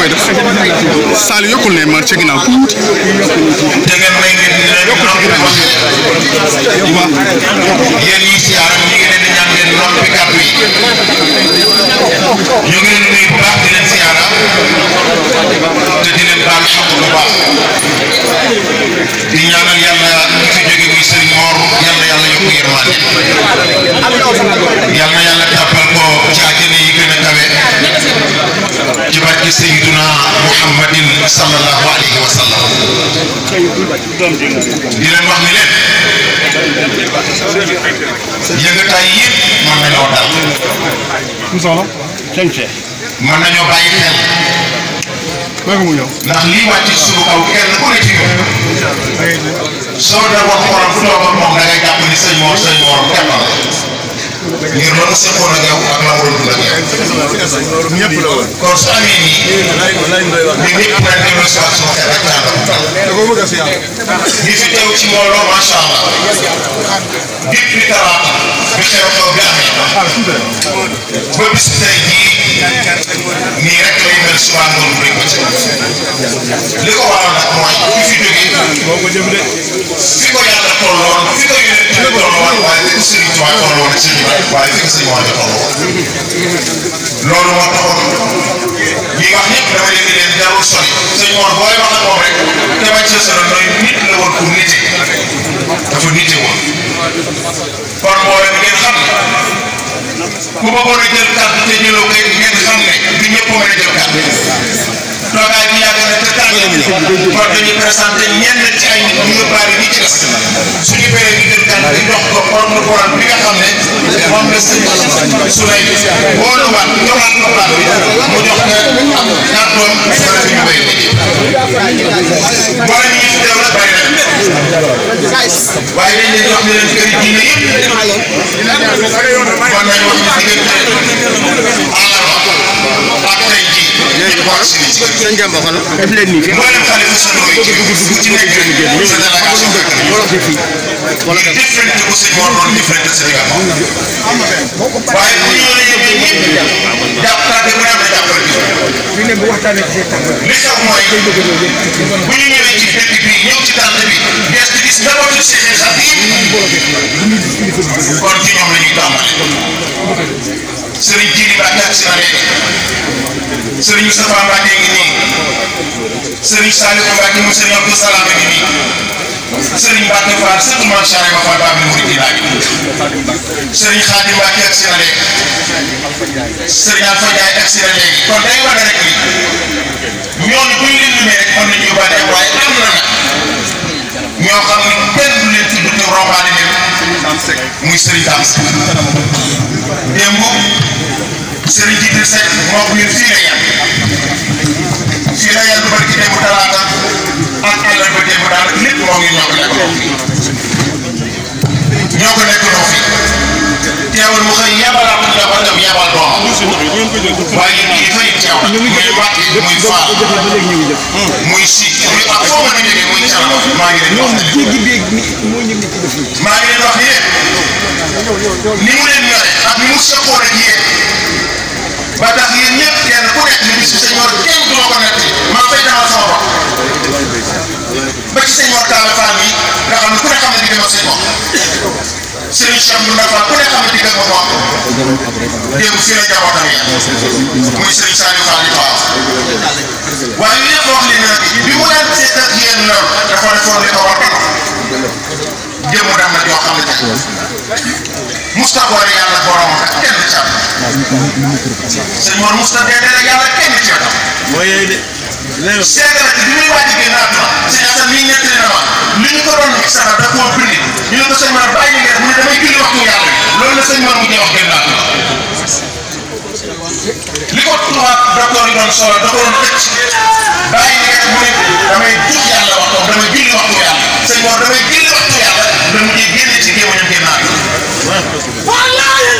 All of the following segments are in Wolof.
koy def Sall yokkul ne ma ci ginnaaw tuuti yokku ci ginnaaw bu baax yéen ñi si aar ñu ngi leen di ñaan ngeen rompi kàddu yi ñu ngi leen di baax di leen si aar alayhi wa sallam. di leen wax ni leen. yëngataay yëpp mën nañoo dal. mën nañoo bàyyi xel. ndax lii wàcc ci suñu kaw kenn ku ne ci ñun. soo doon wax xolam bu doon moom da ngay jàpp ni sëñ Mor sëñ Mor teewal. ngir mën a seqoon ak yow ak la war a dund ak yow. ñëpp la woon. kon su amee nii. ñun ñëpp dañ leen a soxla sama xel rek laa doon. ñi fi teew ci mbooloo macha allah. depuis talaata. bi keroog toog bi amee ba bis tey jii nii rek lay mel suba noonu duñ ko ci li ko waral nag mooy ku fi jógee fi ko yàlla tolloon fi ko yónnee fi ko tolloon waaye fi ko Serigne Touba tolloon ci li waaye fi ko Serigne Mor tolloon loolu moo taxoon li wax ñëpp dama leen di leen jarul sori sëñ Mor booy wax ak moom rek dama ci sori nooy nit la woon pour nite dafa nite woon kon moo ngeen xam ku bëggoon a jël kàddu te jëloo ko ngeen xam ne du ñëpp mën a jël kàddu toogaay bi yàgg na te tàng kon dañuy présenté ñenn ci ay nit ñu bari ñi ci des suñu béree ñu jël kàddu di dox ko kon mu borom bi nga xam ne moom la sëñ su lay wóoluwaat ñëwaat ko baat bi mu jox ko kàddoom sa ñu bay waaye dañ leen wax ne leen kër yi diine yëpp kon nañ wax ne si ngeen àllarba ak tey ji ñu wax si ci seen jàmba xool def leen nii mboolem xale bu sunu yi ci dugg ci nekk sa délégation wala different bu si moo doon different Sénégal waaye bu ñu la yëg ñëpp jàpp naa ne vraiment jàppale bi li tax mooy bu ñu ñëwee ci dëkk ñëw ci tànn bi des di gis njabootu Seex Xaadim kon ci ñoom la ñuy tàmbali Serigne Djili Mbacke ak Sina Léegi Serigne Moustapha Mbacke ngi nii Serigne Saliou Mbacke mu Serigne Abdou Salam ngi nii Serigne Mbacke Fall sëñ Mame Cheikh Ibra Fall bi murid laaj Serigne Khadim Mbacke ak Sina Léegi Serigne Alpha Ndiaye ak Sina Léegi kon day wane rek ni ñooñu bu ñu leen lumee rek mën nañu yóbbaale waaye am na nag. ñoo xam ni kenn du leen tudd te roxaani leen muy Serigne Dame Seck démb Serigne Didi Seck moo ko ñun fii la yàgg fii la yàgg bari ci démb talaata ak àll ba démb daal lépp moo ngi ñoo ko nekk ñoo ko nekk ñoo fi. teewul mu xëy yabalaat la ko dem yabal doomam. waaye lii dafay teew muy wàcc muy faal hmm, muy si muy ak foo mën a jógee muy caw maa ngi leen wax maa ngi leen wax yéen ni mu leen yore ak ni mu seqoo rek yéen ba tax yéen ñëpp kenn ku nekk ni bis bi sëñ Mor kenn du ma ko nekk maa koy demal sama bopp ba ci sëñ Mor Talla Fall bi nga xam ne ku ne xam ne di dem ak sëñ Mor Serigne Cheikh Ndoumbé Fall ku ne xam ne diggante moom démb fii la jabootam yi muy Serigne Saliou Fall di Touba waaye li nga wax léegi nag bi mu daan seet ak yéen lool dafa defoon li ko war a def démb daan na joo xam ne Moustapha war yàlla borom ak kenn caabu sëñ Mor Moustapha dee rek yàlla kenn caabu. seega nag bi muy waaj a génn àdduna sëñ Assane mii nettali na ma li ñu ko doon saxal da koo bind ñu ne ko sëñ Mor bàyyi ngeen mu ne damay julli waxtu yàlla loolu la sëñ Mor mu jox génn àdduna li ko tuwaat docteur yi doon solo da ko doon tëcc bàyyi ngeen mu ne damay jug yàlla waxtoom damay julli waxtu yàlla sëñ Mor damay julli waxtu yàlla da mu génne ci géewañam génn àdduna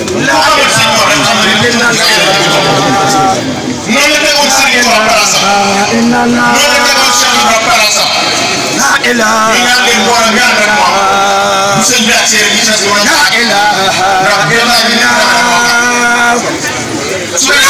Levamos al Señor. No le pegó el Señor a Paraza. No le pegó el Señor a Paraza. Grande Juan, grande Juan. Muchas gracias, muchas gracias. La ilaha, la ilaha.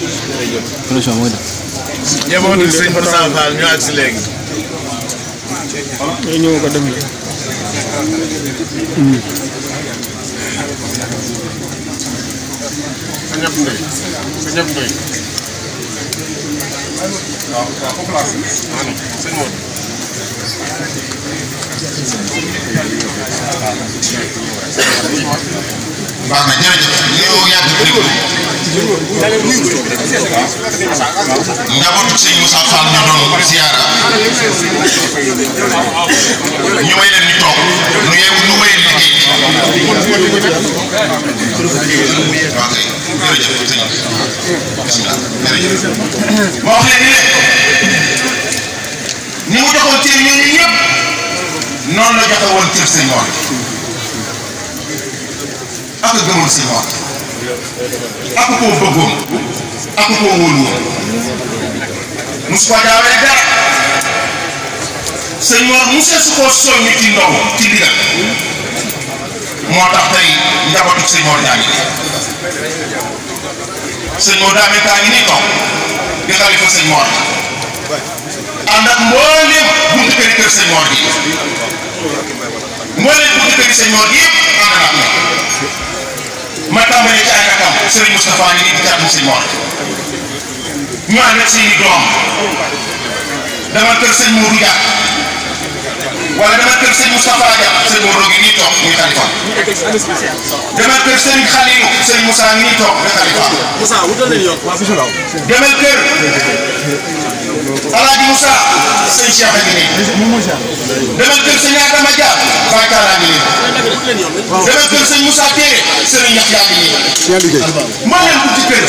production mooy def. njabootu sëñ Moussa Fall ñu njabootu sëñ Moussa Fall ñu doon ziara ñu may leen di toog ñu yeewu ñu may leen liggéey. waaw kay jërëjëf sëñ bi bisimilah jërëjëf. ma wax leen ni mu doxoon ci ñun ñëpp noonu la joxe woon cër sëñ Mor ak gëmoon sëñ Mor ak koo bëggoon ak koo ko jaawale dara sëñ Mor su ko soññi ci ndox ci moo tax tey njabootu sëñ Mor daa ngi sëñ Mor daa mel taa di xalifa sëñ Mor ak mbooleem buntu kër kër sëñ Mor gi mbooleem buntu kër sëñ Mor gi yëpp ànd ak ma tàmbalee ci ay atam Serigne Moustapha ñu ngi ci kàddu si Mor ñu ànd ak seeni doom dama kër sëñ Mourou Dia wala dama kër sëñ Moustapha Dia sëñ Mourou gi nii toog muy xalifa dama kër sëñ Khalilou sëñ Moussa nii toog muy xalifa dama kër Alaaji Moussa sëñ Cheikh a ngi nii dama kër sëñ Adama Dia Fakala ngi nii dama kër sëñ Moussa Kéré sëriñ Yax Yax yi maa leen dugg ci kër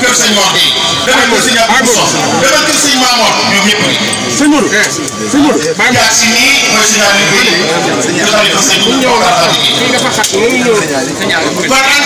kër sëñ Mor yi dama kër sëñ Abdou Sow ah, dama kër sëñ Mamor ñoom ñëpp sëñ Modou eh, sëñ Modou maa ngi si nii mooy sëñ Aliou Guèye sëñ Aliou Guèye sëñ Moussa Kéré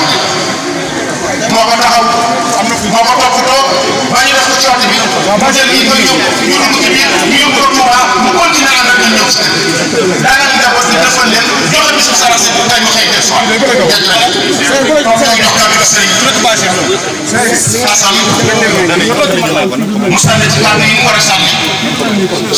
moo ko taxaw moo ko toppatoo ba ñu def ko coono bi mu jël lii ba ñëw ñu dugg ci biir ñu yóbbu ko Touba mu continué ànd ak ñoom ñëw sax daanaka njaboot bi defoon leen joxe bisu sara si bu tey mu xëy des fois ñett la ñu jox kàddu la sëriñ Assane mu sànni ci kàddu yi mu war a sànni